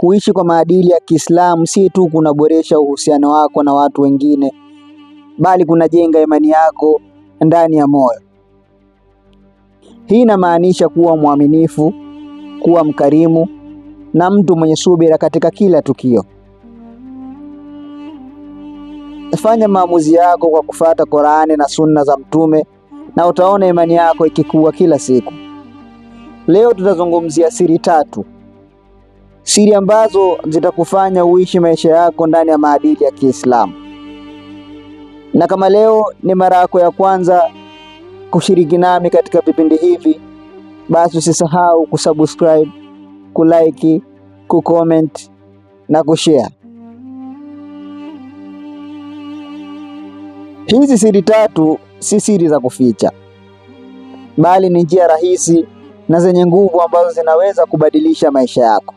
Kuishi kwa maadili ya Kiislamu si tu kunaboresha uhusiano wako na watu wengine, bali kunajenga imani yako ndani ya moyo. Hii inamaanisha kuwa mwaminifu, kuwa mkarimu na mtu mwenye subira katika kila tukio. Fanya maamuzi yako kwa kufata Qur'ani na Sunna za Mtume na utaona imani yako ikikua kila siku. Leo tutazungumzia siri tatu siri ambazo zitakufanya uishi maisha yako ndani ya maadili ya Kiislamu. Na kama leo ni mara yako ya kwanza kushiriki nami katika vipindi hivi, basi usisahau kusubscribe, kulike, kucomment na kushare. Hizi siri tatu si siri za kuficha, bali ni njia rahisi na zenye nguvu ambazo zinaweza kubadilisha maisha yako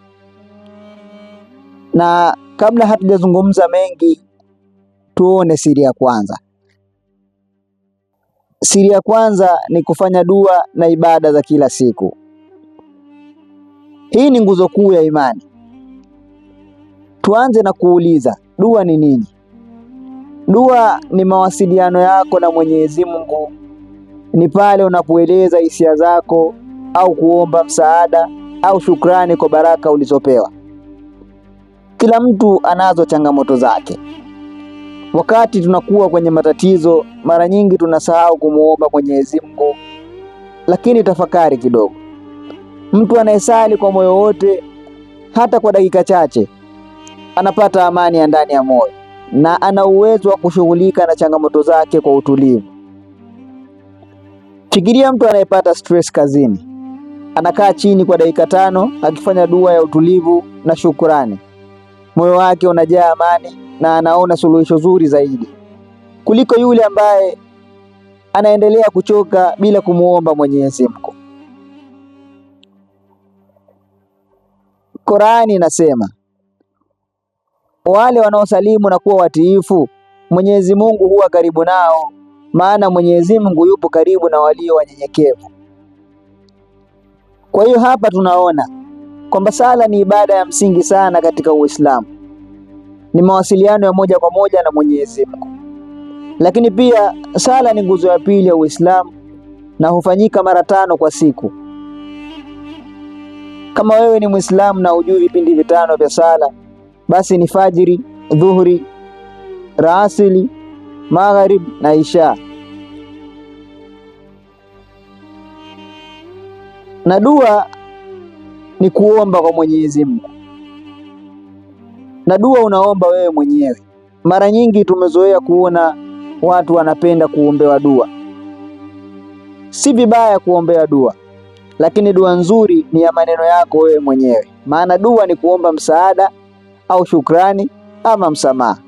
na kabla hatujazungumza mengi, tuone siri ya kwanza. Siri ya kwanza ni kufanya dua na ibada za kila siku. Hii ni nguzo kuu ya imani. Tuanze na kuuliza, dua ni nini? Dua ni mawasiliano yako na Mwenyezi Mungu. Ni pale unapoeleza hisia zako au kuomba msaada au shukrani kwa baraka ulizopewa. Kila mtu anazo changamoto zake. Wakati tunakuwa kwenye matatizo, mara nyingi tunasahau kumuomba Mwenyezi Mungu. Lakini tafakari kidogo, mtu anayesali kwa moyo wote, hata kwa dakika chache, anapata amani ya ndani ya moyo na ana uwezo wa kushughulika na changamoto zake kwa utulivu. Fikiria mtu anayepata stress kazini, anakaa chini kwa dakika tano akifanya dua ya utulivu na shukurani moyo wake unajaa amani na anaona suluhisho zuri zaidi kuliko yule ambaye anaendelea kuchoka bila kumuomba Mwenyezi Mungu. Qur'ani inasema wale wanaosalimu na kuwa watiifu, Mwenyezi Mungu huwa karibu nao, maana Mwenyezi Mungu yupo karibu na walio wanyenyekevu. Kwa hiyo hapa tunaona kwamba sala ni ibada ya msingi sana katika Uislamu, ni mawasiliano ya moja kwa moja na Mwenyezi Mungu. Lakini pia sala ni nguzo ya pili ya Uislamu na hufanyika mara tano kwa siku. Kama wewe ni Muislamu na hujui vipindi vitano vya sala, basi ni fajiri, dhuhuri, raasili, magharib na isha. Na dua ni kuomba kwa Mwenyezi Mungu, na dua unaomba wewe mwenyewe. Mara nyingi tumezoea kuona watu wanapenda kuombewa dua. Si vibaya kuombea dua, lakini dua nzuri ni ya maneno yako wewe mwenyewe, maana dua ni kuomba msaada au shukrani ama msamaha,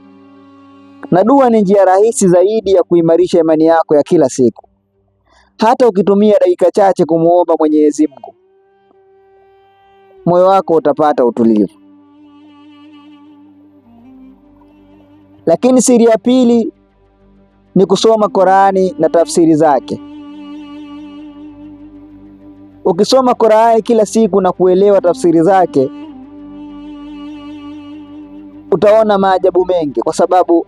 na dua ni njia rahisi zaidi ya kuimarisha imani yako ya kila siku. Hata ukitumia dakika chache kumwomba Mwenyezi Mungu moyo wako utapata utulivu. Lakini siri ya pili ni kusoma Qur'ani na tafsiri zake. Ukisoma Qur'ani kila siku na kuelewa tafsiri zake, utaona maajabu mengi, kwa sababu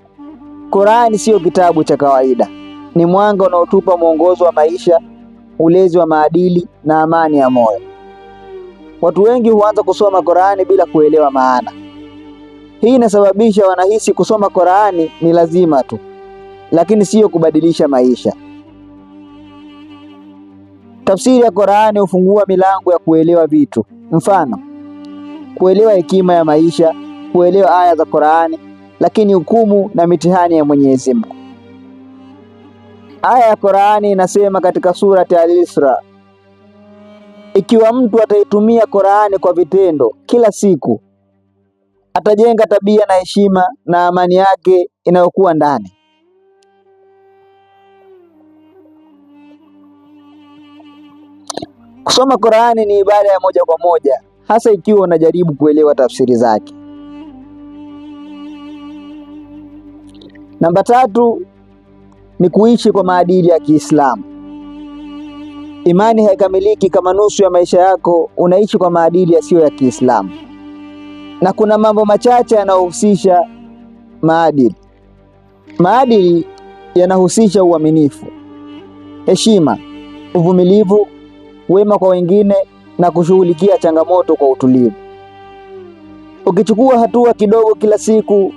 Qur'ani siyo kitabu cha kawaida. Ni mwanga unaotupa mwongozo wa maisha, ulezi wa maadili na amani ya moyo. Watu wengi huanza kusoma Qur'ani bila kuelewa maana. Hii inasababisha wanahisi kusoma Qur'ani ni lazima tu, lakini siyo kubadilisha maisha. Tafsiri ya Qur'ani hufungua milango ya kuelewa vitu, mfano kuelewa hekima ya maisha, kuelewa aya za Qur'ani, lakini hukumu na mitihani ya Mwenyezi Mungu. Aya ya Qur'ani inasema katika surati Al-Isra ikiwa mtu ataitumia Qur'ani kwa vitendo kila siku, atajenga tabia na heshima na amani yake inayokuwa ndani. Kusoma Qur'ani ni ibada ya moja kwa moja, hasa ikiwa unajaribu kuelewa tafsiri zake. Namba tatu ni kuishi kwa maadili ya Kiislamu. Imani haikamiliki kama nusu ya maisha yako unaishi kwa maadili yasiyo ya Kiislamu, na kuna mambo machache yanayohusisha maadili. Maadili yanahusisha uaminifu, heshima, uvumilivu, wema kwa wengine na kushughulikia changamoto kwa utulivu. Ukichukua hatua kidogo kila siku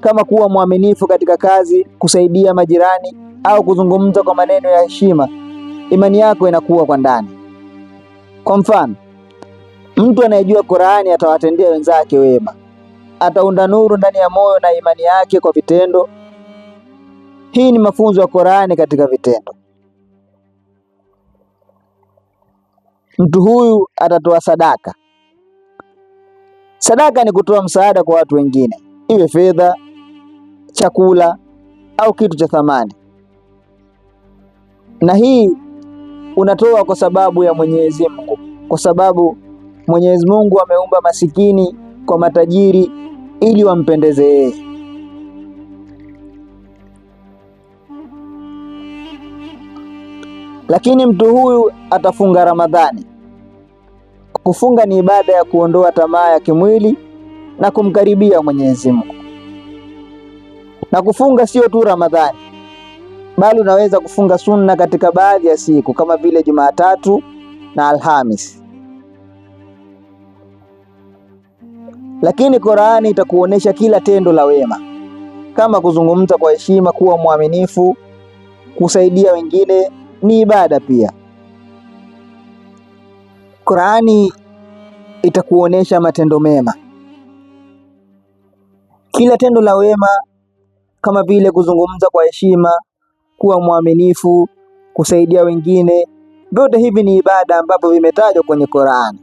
kama kuwa mwaminifu katika kazi, kusaidia majirani au kuzungumza kwa maneno ya heshima imani yako inakuwa kwa ndani. Kwa mfano, mtu anayejua Qur'ani atawatendea wenzake wema, ataunda nuru ndani ya moyo na imani yake kwa vitendo. Hii ni mafunzo ya Qur'ani katika vitendo. Mtu huyu atatoa sadaka. Sadaka ni kutoa msaada kwa watu wengine, iwe fedha, chakula au kitu cha thamani, na hii unatoa kwa sababu ya Mwenyezi Mungu, kwa sababu Mwenyezi Mungu ameumba masikini kwa matajiri ili wampendeze yeye. Lakini mtu huyu atafunga Ramadhani. Kufunga ni ibada ya kuondoa tamaa ya kimwili na kumkaribia Mwenyezi Mungu. Na kufunga sio tu Ramadhani bali unaweza kufunga sunna katika baadhi ya siku kama vile Jumatatu na Alhamis. Lakini Qur'ani itakuonesha kila tendo la wema kama kuzungumza kwa heshima, kuwa mwaminifu, kusaidia wengine ni ibada pia. Qur'ani itakuonesha matendo mema, kila tendo la wema kama vile kuzungumza kwa heshima, kuwa mwaminifu, kusaidia wengine, vyote hivi ni ibada ambavyo vimetajwa kwenye Qur'ani.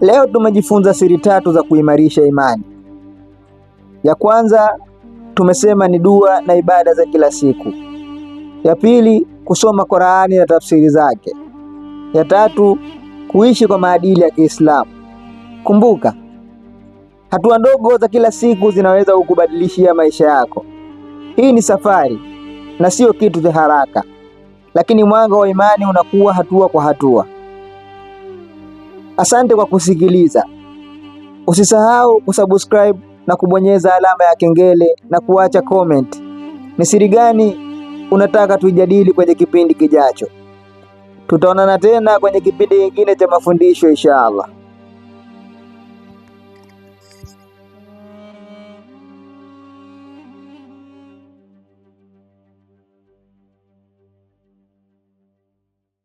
Leo tumejifunza siri tatu za kuimarisha imani. Ya kwanza tumesema ni dua na ibada za kila siku. Ya pili kusoma Qur'ani na tafsiri zake. Ya tatu kuishi kwa maadili ya Kiislamu. Kumbuka Hatua ndogo za kila siku zinaweza kukubadilishia maisha yako. Hii ni safari na sio kitu cha haraka, lakini mwanga wa imani unakuwa hatua kwa hatua. Asante kwa kusikiliza. Usisahau kusubscribe na kubonyeza alama ya kengele na kuacha comment. Ni siri gani unataka tuijadili kwenye kipindi kijacho? Tutaonana tena kwenye kipindi kingine cha mafundisho inshallah.